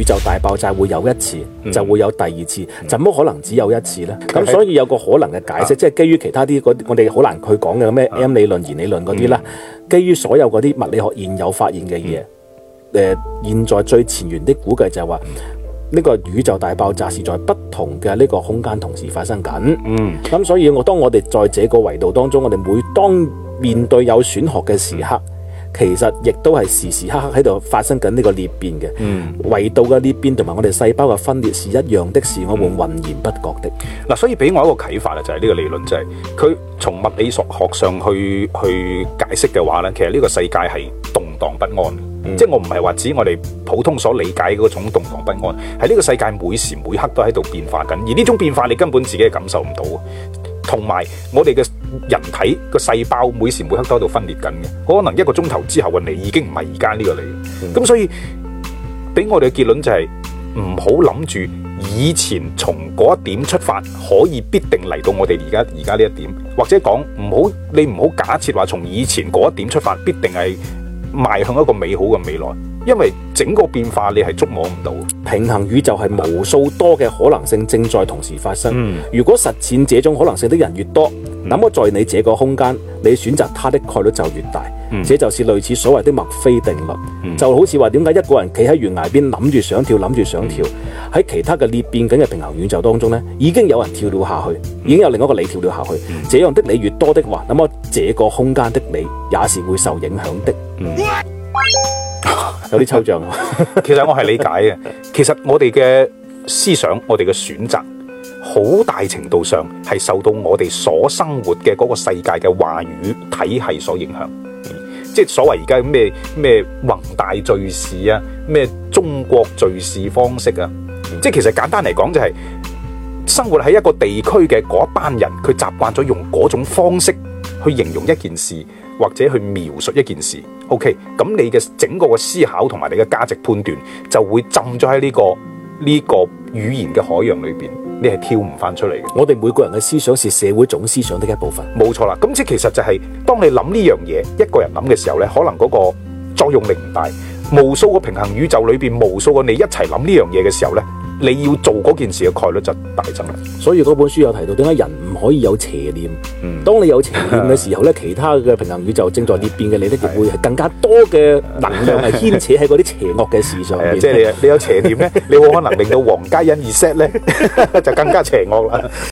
宇宙大爆炸會有一次，就會有第二次，怎麼、嗯、可能只有一次呢？咁所以有個可能嘅解釋，是即係基於其他啲我哋好難去講嘅咩 M 理論、弦理論嗰啲啦。嗯、基於所有嗰啲物理學現有發現嘅嘢，誒、嗯呃、現在最前沿的估計就係話，呢、這個宇宙大爆炸是在不同嘅呢個空間同時發生緊。嗯，咁所以我當我哋在這個維度當中，我哋每當面對有選學嘅時刻。其實亦都係時時刻刻喺度發生緊呢個裂變嘅，唯、嗯、到嘅裂變同埋我哋細胞嘅分裂是一樣的，是、嗯、我們渾然不覺的。嗱、嗯，所以俾我一個啟發啦，就係、是、呢個理論，就係、是、佢從物理學上去去解釋嘅話咧，其實呢個世界係動盪不安，嗯、即係我唔係話指我哋普通所理解嗰種動盪不安，喺呢個世界每時每刻都喺度變化緊，而呢種變化你根本自己係感受唔到。同埋我哋嘅人體個細胞每時每刻都喺度分裂緊嘅，可能一個鐘頭之後，你已經唔係而家呢個你，咁所以俾我哋嘅結論就係唔好諗住以前從嗰一點出發可以必定嚟到我哋而家而家呢一點，或者講唔好你唔好假設話從以前嗰一點出發必定係。邁向一個美好嘅未來，因為整個變化你係觸摸唔到。平衡宇宙係無數多嘅可能性正在同時發生。嗯，如果實踐這種可能性的人越多，那麼，嗯，在你這個空間，你選擇它的概率就越大。這就是類似所謂的墨菲定律，嗯、就好似話點解一個人企喺懸崖邊，諗住想跳，諗住想跳喺、嗯、其他嘅裂變緊嘅平行宇宙當中呢，已經有人跳了下去，嗯、已經有另一個你跳了下去。嗯、這樣的你越多的話，咁啊，這個空間的你也是會受影響的。嗯、 有啲抽象、啊 其，其實我係理解嘅。其實我哋嘅思想， 我哋嘅選擇，好大程度上係受到我哋所生活嘅嗰個世界嘅話語體系所影響。即係所謂而家咩咩宏大敘事啊，咩中國敘事方式啊，即係其實簡單嚟講，就係，就係生活喺一個地區嘅嗰班人，佢習慣咗用嗰種方式去形容一件事，或者去描述一件事。OK，咁你嘅整個嘅思考同埋你嘅價值判斷就會浸咗喺呢個呢、呢個語言嘅海洋裏邊。你係跳唔翻出嚟嘅。我哋每個人嘅思想是社會總思想的一部分，冇錯啦。咁即係其實就係當你諗呢樣嘢，一個人諗嘅時候咧，可能嗰個作用力唔大。無數個平行宇宙裏邊，無數個你一齊諗呢樣嘢嘅時候咧。你要做嗰件事嘅概率就大增，所以嗰本書有提到點解人唔可以有邪念。嗯，當你有邪念嘅時候咧， 其他嘅平行宇宙正在裂變嘅，你一定會更加多嘅能量係牽扯喺嗰啲邪惡嘅事上面。即係你你有邪念咧，你會可能令到黃家欣而 set 咧， 就更加邪惡啦。